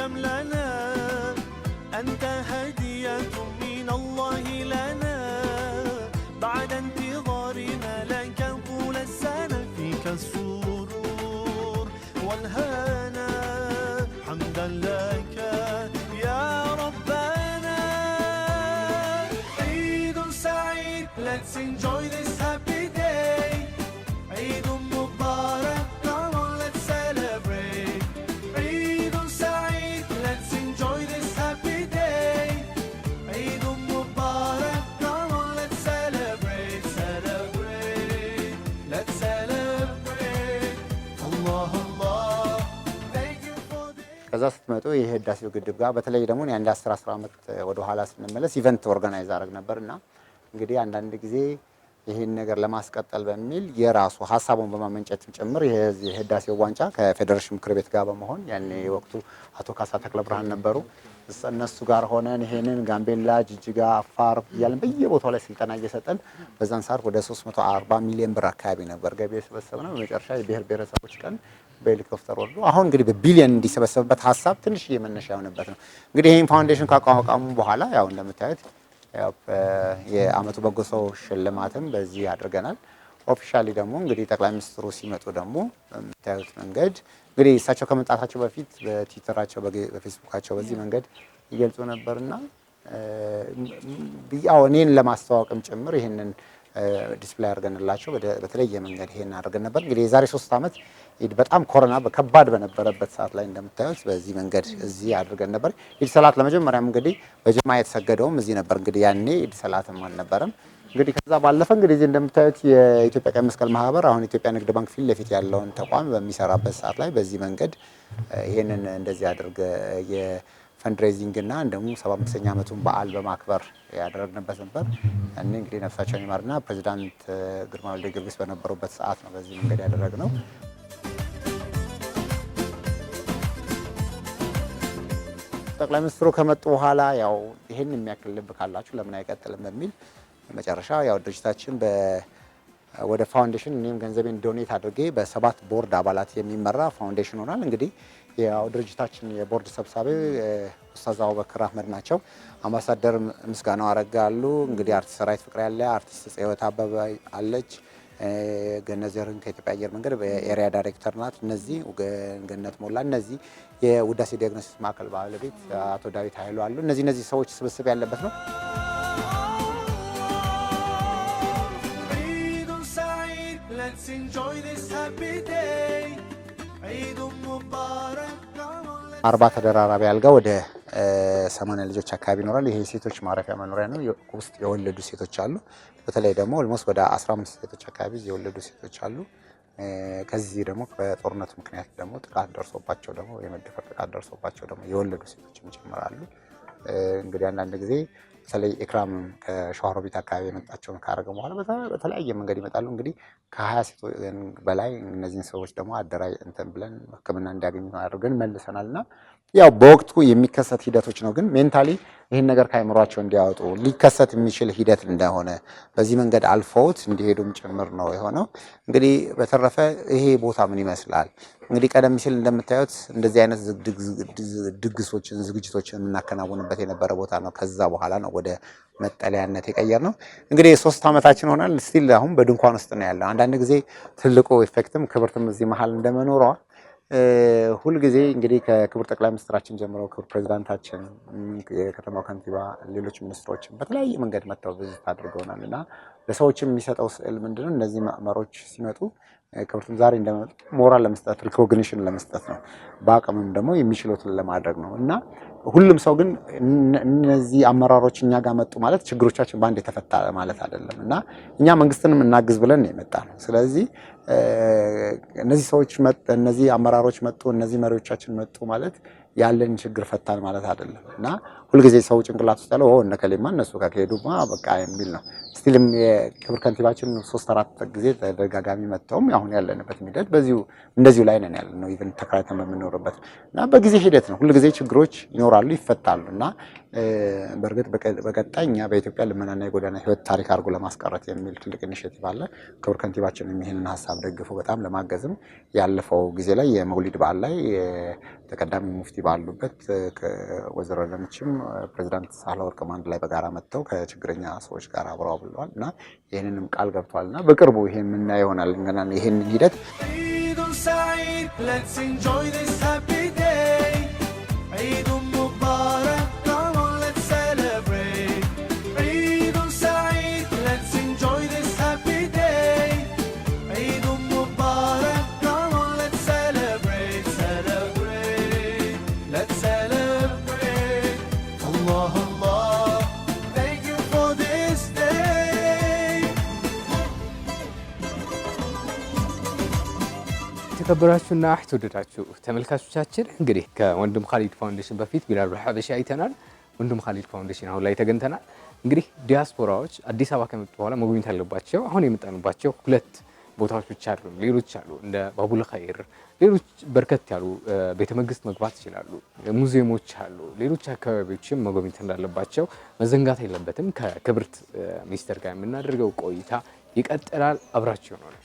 شملنا أنت هدية من الله لنا بعد انتظارنا لك طول السنة فيك السرور والهنا حمدا لك يا ربنا عيد سعيد Let's enjoy ከዛ ስትመጡ የህዳሴው ግድብ ጋር በተለይ ደግሞ የአንድ አስር አስራ ዓመት ወደ ኋላ ስንመለስ ኢቨንት ኦርጋናይዝ አድረግ ነበር እና እንግዲህ አንዳንድ ጊዜ ይህን ነገር ለማስቀጠል በሚል የራሱ ሀሳቡን በማመንጨትም ጭምር የህዳሴው ዋንጫ ከፌዴሬሽን ምክር ቤት ጋር በመሆን ያኔ ወቅቱ አቶ ካሳ ተክለ ብርሃን ነበሩ። እነሱ ጋር ሆነን ይሄንን ጋምቤላ፣ ጅጅጋ፣ አፋር እያለን በየቦታው ላይ ስልጠና እየሰጠን በዛን ሰዓት ወደ 340 ሚሊዮን ብር አካባቢ ነበር ገቢ የሰበሰብ ነው። በመጨረሻ የብሔር ብሔረሰቦች ቀን በሄሊኮፕተር ወርዶ አሁን እንግዲህ በቢሊየን እንዲሰበሰብበት ሀሳብ ትንሽ የመነሻ የሆነበት ነው። እንግዲህ ይህን ፋውንዴሽን ካቋቋሙ በኋላ ያው እንደምታዩት የአመቱ በጎ ሰው ሽልማትም በዚህ አድርገናል። ኦፊሻሊ ደግሞ እንግዲህ ጠቅላይ ሚኒስትሩ ሲመጡ ደግሞ በምታዩት መንገድ እንግዲህ እሳቸው ከመምጣታቸው በፊት በትዊተራቸው፣ በፌስቡካቸው በዚህ መንገድ ይገልጹ ነበርና ያው እኔን ለማስተዋወቅም ጭምር ይህንን ዲስፕላይ አድርገንላቸው በተለየ መንገድ ይሄን አድርገን ነበር። እንግዲህ የዛሬ ሶስት ዓመት በጣም ኮሮና በከባድ በነበረበት ሰዓት ላይ እንደምታዩት በዚህ መንገድ እዚህ አድርገን ነበር። ኢድ ሰላት ለመጀመሪያም እንግዲህ በጀማ የተሰገደውም እዚህ ነበር። እንግዲህ ያኔ ኢድ ሰላትም አልነበረም። እንግዲህ ከዛ ባለፈ እንግዲህ እዚህ እንደምታዩት የኢትዮጵያ ቀይ መስቀል ማህበር አሁን ኢትዮጵያ ንግድ ባንክ ፊት ለፊት ያለውን ተቋም በሚሰራበት ሰዓት ላይ በዚህ መንገድ ይሄንን እንደዚህ አድርገ ፈንድሬዚንግ እና እንደሞ ሰባ አምስተኛ ዓመቱን በዓል በማክበር ያደረግንበት ነበር። እኔ እንግዲህ ነፍሳቸውን ይማርና ፕሬዚዳንት ግርማ ወልደ ጊዮርጊስ በነበሩበት ሰዓት ነው በዚህ መንገድ ያደረግነው። ጠቅላይ ሚኒስትሩ ከመጡ በኋላ ያው ይህን የሚያክል ልብ ካላችሁ ለምን አይቀጥልም በሚል መጨረሻ ያው ድርጅታችን ወደ ፋውንዴሽን እኔም ገንዘቤን ዶኔት አድርጌ በሰባት ቦርድ አባላት የሚመራ ፋውንዴሽን ሆናል። እንግዲህ ድርጅታችን የቦርድ ሰብሳቢ ኡስታዝ አቡበክር አህመድ ናቸው። አምባሳደር ምስጋናው አረጋ አሉ። እንግዲህ አርቲስት ሰራዊት ፍቅር ያለ አርቲስት ጽወት አበበ አለች። ገነት ዘርህን ከኢትዮጵያ አየር መንገድ በኤሪያ ዳይሬክተር ናት። እነዚህ ገነት ሞላ፣ እነዚህ የውዳሴ ዲያግኖሲስ ማዕከል ባለቤት አቶ ዳዊት ኃይሉ አሉ። እነዚህ እነዚህ ሰዎች ስብስብ ያለበት ነው። Let's enjoy this happy day. አርባ ተደራራቢ አልጋ ወደ ሰማንያ ልጆች አካባቢ ይኖራል። ይሄ የሴቶች ማረፊያ መኖሪያ ነው። ውስጥ የወለዱ ሴቶች አሉ። በተለይ ደግሞ ኦልሞስት ወደ 15 ሴቶች አካባቢ የወለዱ ሴቶች አሉ። ከዚህ ደግሞ በጦርነቱ ምክንያት ደግሞ ጥቃት ደርሶባቸው ደግሞ የመደፈር ጥቃት ደርሶባቸው ደግሞ የወለዱ ሴቶችም ይጨምራሉ። እንግዲህ አንዳንድ ጊዜ በተለይ ኤክራም ከሸዋሮቢት አካባቢ የመጣቸውን ካረገ በኋላ በተለያየ መንገድ ይመጣሉ። እንግዲህ ከሀያ ሴቶች በላይ እነዚህን ሰዎች ደግሞ አደራይ እንትን ብለን ሕክምና እንዲያገኙ አድርገን መልሰናል እና ያው በወቅቱ የሚከሰት ሂደቶች ነው ግን ሜንታሊ ይህን ነገር ከአይምሯቸው እንዲያወጡ ሊከሰት የሚችል ሂደት እንደሆነ በዚህ መንገድ አልፈውት እንዲሄዱም ጭምር ነው የሆነው። እንግዲህ በተረፈ ይሄ ቦታ ምን ይመስላል? እንግዲህ ቀደም ሲል እንደምታዩት እንደዚህ አይነት ድግሶችን፣ ዝግጅቶችን የምናከናውንበት የነበረ ቦታ ነው። ከዛ በኋላ ነው ወደ መጠለያነት የቀየር ነው። እንግዲህ የሶስት ዓመታችን ሆናል። ስቲል አሁን በድንኳን ውስጥ ነው ያለው። አንዳንድ ጊዜ ትልቁ ኢፌክትም ክብርትም እዚህ መሀል እንደመኖረዋ ሁልጊዜ እንግዲህ ከክቡር ጠቅላይ ሚኒስትራችን ጀምሮ ክቡር ፕሬዚዳንታችን፣ የከተማው ከንቲባ፣ ሌሎች ሚኒስትሮችን በተለያየ መንገድ መጥተው ቪዚት አድርገውናል እና ለሰዎች የሚሰጠው ስዕል ምንድነው እነዚህ ማዕመሮች ሲመጡ ክብርቱም ዛሬ እንደመጡ ሞራል ለመስጠት ሪኮግኒሽን ለመስጠት ነው። በአቅምም ደግሞ የሚችሉትን ለማድረግ ነው እና ሁሉም ሰው ግን እነዚህ አመራሮች እኛ ጋር መጡ ማለት ችግሮቻችን በአንድ የተፈታ ማለት አይደለም እና እኛ መንግስትንም እናግዝ ብለን ነው የመጣ ነው። ስለዚህ እነዚህ ሰዎች መጡ፣ እነዚህ አመራሮች መጡ፣ እነዚህ መሪዎቻችን መጡ ማለት ያለን ችግር ፈታን ማለት አይደለም እና ሁልጊዜ ሰው ጭንቅላት ውስጥ ያለው እነ ከሌማ እነሱ ከሄዱማ በቃ የሚል ነው። ስቲልም የክብር ከንቲባችን ሶስት አራት ጊዜ ተደጋጋሚ መጥተውም አሁን ያለንበት ሂደት በዚሁ እንደዚሁ ላይ ነን ያለ ነው። ኢቨን ተከራይተን በምንኖርበት እና በጊዜ ሂደት ነው። ሁልጊዜ ችግሮች ይኖራሉ፣ ይፈታሉ እና በእርግጥ በቀጣኛ በኢትዮጵያ ልመናና የጎዳና ህይወት ታሪክ አድርጎ ለማስቀረት የሚል ትልቅ ኢኒሽቲቭ አለ። ክቡር ከንቲባችን ይህንን ሀሳብ ደግፎ በጣም ለማገዝም ያለፈው ጊዜ ላይ የመውሊድ በዓል ላይ ተቀዳሚ ሙፍቲ ባሉበት ወይዘሮ ለምችም ፕሬዚዳንት ሳህለወርቅ አንድ ላይ በጋራ መጥተው ከችግረኛ ሰዎች ጋር አብረው ብለዋል እና ይህንንም ቃል ገብተዋል እና በቅርቡ ይሄ የምናየው ይሆናል። ገና ይህንን ሂደት Let's የተከበራችሁና የተወደዳችሁ ተመልካቾቻችን እንግዲህ ከወንድም ካሊድ ፋውንዴሽን በፊት ቢላል ሐበሺ አይተናል። ወንድም ካሊድ ፋውንዴሽን አሁን ላይ ተገኝተናል። እንግዲህ ዲያስፖራዎች አዲስ አበባ ከመጡ በኋላ መጎብኘት ያለባቸው አሁን የመጣንባቸው ሁለት ቦታዎች ብቻ አሉ፣ ሌሎች አሉ። እንደ ባቡል ኸይር፣ ሌሎች በርከት ያሉ ቤተ መንግስት መግባት ይችላሉ። ሙዚየሞች አሉ። ሌሎች አካባቢዎችም መጎብኘት እንዳለባቸው መዘንጋት የለበትም። ከክብርት ሚኒስትር ጋር የምናደርገው ቆይታ ይቀጥላል። አብራችሁ ነው